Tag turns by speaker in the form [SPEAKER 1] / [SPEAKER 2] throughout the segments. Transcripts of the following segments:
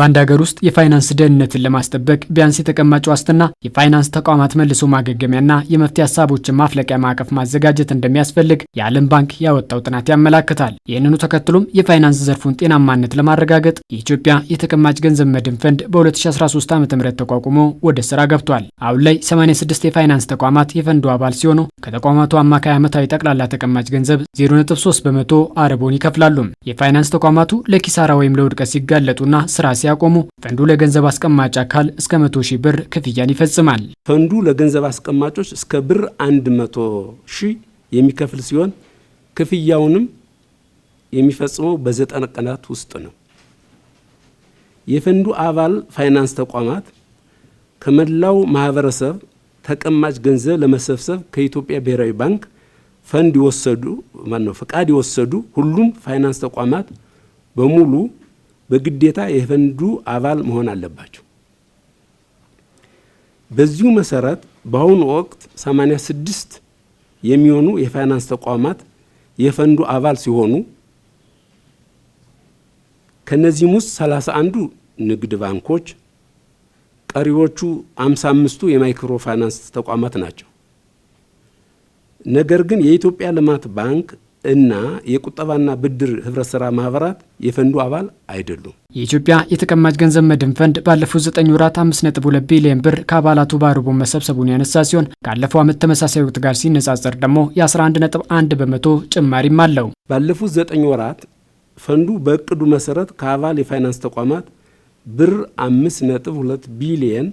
[SPEAKER 1] በአንድ ሀገር ውስጥ የፋይናንስ ደህንነትን ለማስጠበቅ ቢያንስ የተቀማጭ ዋስትና፣ የፋይናንስ ተቋማት መልሶ ማገገሚያና የመፍትሄ ሀሳቦችን ማፍለቂያ ማዕቀፍ ማዘጋጀት እንደሚያስፈልግ የዓለም ባንክ ያወጣው ጥናት ያመላክታል። ይህንኑ ተከትሎም የፋይናንስ ዘርፉን ጤናማነት ለማረጋገጥ የኢትዮጵያ የተቀማጭ ገንዘብ መድን ፈንድ በ2013 ዓ ም ተቋቁሞ ወደ ስራ ገብቷል። አሁን ላይ 86 የፋይናንስ ተቋማት የፈንዱ አባል ሲሆኑ ከተቋማቱ አማካይ ዓመታዊ ጠቅላላ ተቀማጭ ገንዘብ 0.3 በመቶ አረቦን ይከፍላሉ። የፋይናንስ ተቋማቱ ለኪሳራ ወይም ለውድቀት ሲጋለጡና ስራ ሲያ ሲያቆሙ ፈንዱ ለገንዘብ አስቀማጭ አካል እስከ መቶ ሺህ ብር ክፍያን ይፈጽማል።
[SPEAKER 2] ፈንዱ ለገንዘብ አስቀማጮች እስከ ብር አንድ መቶ ሺህ የሚከፍል ሲሆን ክፍያውንም የሚፈጽመው በዘጠነ ቀናት ውስጥ ነው። የፈንዱ አባል ፋይናንስ ተቋማት ከመላው ማህበረሰብ ተቀማጭ ገንዘብ ለመሰብሰብ ከኢትዮጵያ ብሔራዊ ባንክ ፈንድ የወሰዱ ማነው ፈቃድ የወሰዱ ሁሉም ፋይናንስ ተቋማት በሙሉ በግዴታ የፈንዱ አባል መሆን አለባቸው። በዚሁ መሰረት በአሁኑ ወቅት 86 የሚሆኑ የፋይናንስ ተቋማት የፈንዱ አባል ሲሆኑ ከነዚህም ውስጥ 31ዱ ንግድ ባንኮች፣ ቀሪዎቹ 55ቱ የማይክሮ ፋይናንስ ተቋማት ናቸው። ነገር ግን የኢትዮጵያ ልማት ባንክ እና የቁጠባና ብድር ህብረት ስራ ማህበራት የፈንዱ አባል አይደሉም።
[SPEAKER 1] የኢትዮጵያ የተቀማጭ ገንዘብ መድን ፈንድ ባለፉት ዘጠኝ ወራት አምስት ነጥብ ሁለት ቢሊዮን ብር ከአባላቱ በአርቦ መሰብሰቡን ያነሳ ሲሆን ካለፈው ዓመት ተመሳሳይ ወቅት ጋር ሲነጻጸር ደግሞ የ11 ነጥብ 1 በመቶ ጭማሪም አለው።
[SPEAKER 2] ባለፉት ዘጠኝ ወራት ፈንዱ በእቅዱ መሰረት ከአባል የፋይናንስ ተቋማት ብር አምስት ነጥብ ሁለት ቢሊየን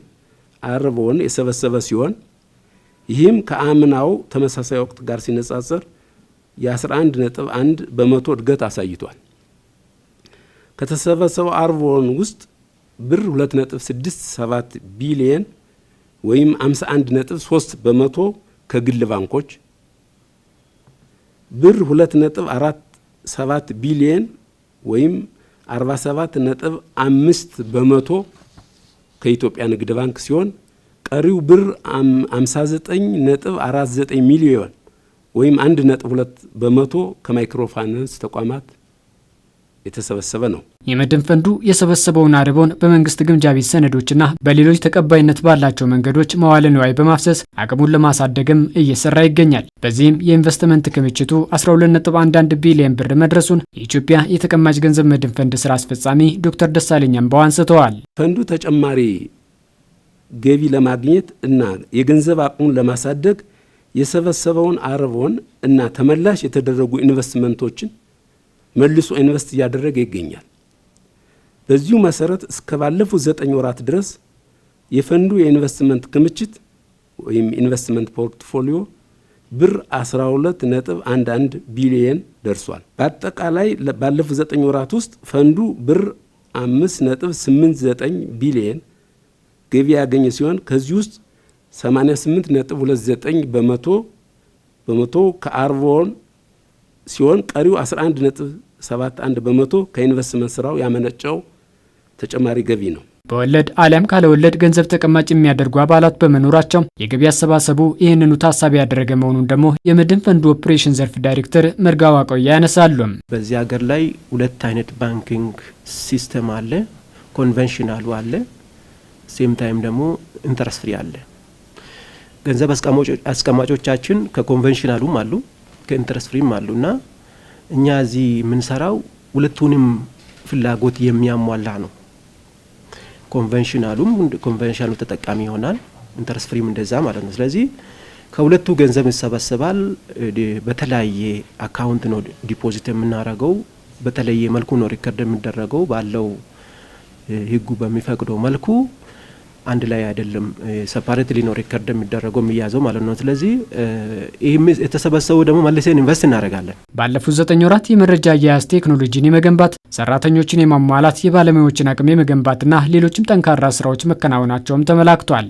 [SPEAKER 2] አርቦን የሰበሰበ ሲሆን ይህም ከአምናው ተመሳሳይ ወቅት ጋር ሲነጻጸር የ11 ነጥብ 1 በመቶ እድገት አሳይቷል። ከተሰበሰበው አርቦን ውስጥ ብር 2.67 ቢሊየን ወይም 51.3 በመቶ ከግል ባንኮች፣ ብር 2.47 ቢሊየን ወይም 47.5 በመቶ ከኢትዮጵያ ንግድ ባንክ ሲሆን ቀሪው ብር 59.49 ሚሊዮን ወይም አንድ ነጥብ ሁለት በመቶ ከማይክሮፋይናንስ ተቋማት የተሰበሰበ ነው።
[SPEAKER 1] የመድን ፈንዱ የሰበሰበውን አርቦን በመንግስት ግምጃ ቤት ሰነዶችና በሌሎች ተቀባይነት ባላቸው መንገዶች መዋለ ንዋይ በማፍሰስ አቅሙን ለማሳደግም እየሰራ ይገኛል። በዚህም የኢንቨስትመንት ክምችቱ 12.11 ቢሊየን ብር መድረሱን የኢትዮጵያ የተቀማጭ ገንዘብ መድን ፈንድ ስራ አስፈጻሚ ዶክተር ደሳለኝ አምባው አንስተዋል።
[SPEAKER 2] ፈንዱ ተጨማሪ ገቢ ለማግኘት እና የገንዘብ አቅሙን ለማሳደግ የሰበሰበውን አረቦን እና ተመላሽ የተደረጉ ኢንቨስትመንቶችን መልሶ ኢንቨስት እያደረገ ይገኛል። በዚሁ መሰረት እስከ ባለፉት ዘጠኝ ወራት ድረስ የፈንዱ የኢንቨስትመንት ክምችት ወይም ኢንቨስትመንት ፖርትፎሊዮ ብር 12 ነጥብ 11 ቢሊየን ደርሷል። በአጠቃላይ ባለፉት ዘጠኝ ወራት ውስጥ ፈንዱ ብር 5 ነጥብ 89 ቢሊየን ገቢ ያገኘ ሲሆን ከዚህ ውስጥ 88 ነጥብ 29 በመቶ በመቶ ከአርቦን ሲሆን ቀሪው 11 ነጥብ 71 በመቶ ከኢንቨስትመንት ስራው ያመነጨው ተጨማሪ ገቢ ነው።
[SPEAKER 1] በወለድ አሊያም ካለወለድ ገንዘብ ተቀማጭ የሚያደርጉ አባላት በመኖራቸው የገቢ አሰባሰቡ ይህንኑ ታሳቢ ያደረገ መሆኑን ደግሞ የመድን ፈንዱ ኦፕሬሽን ዘርፍ ዳይሬክተር መርጋዋ ቆያ ያነሳሉ።
[SPEAKER 3] በዚህ ሀገር ላይ ሁለት አይነት ባንኪንግ ሲስተም አለ። ኮንቨንሽናሉ አለ፣ ሴም ታይም ደግሞ ኢንተረስት ፍሪ አለ። ገንዘብ አስቀማጮቻችን ከኮንቨንሽናሉም አሉ ከኢንትረስት ፍሪም አሉ እና እኛ እዚህ የምንሰራው ሁለቱንም ፍላጎት የሚያሟላ ነው። ኮንቨንሽናሉም ኮንቨንሽናሉ ተጠቃሚ ይሆናል፣ ኢንተረስት ፍሪም እንደዛ ማለት ነው። ስለዚህ ከሁለቱ ገንዘብ ይሰበሰባል። በተለያየ አካውንት ነው ዲፖዚት የምናደርገው፣ በተለየ መልኩ ነው ሪከርድ የሚደረገው ባለው ህጉ በሚፈቅደው መልኩ አንድ ላይ አይደለም ሰፓሬት ነው ሪከርድ የሚደረገው የሚያዘው ማለት ነው። ስለዚህ ይህም የተሰበሰቡ ደግሞ መልሰን ኢንቨስት እናደርጋለን።
[SPEAKER 1] ባለፉት ዘጠኝ ወራት የመረጃ አያያዝ ቴክኖሎጂን የመገንባት ሰራተኞችን የማሟላት የባለሙያዎችን አቅም የመገንባትና ሌሎችም ጠንካራ ስራዎች መከናወናቸውም ተመላክቷል።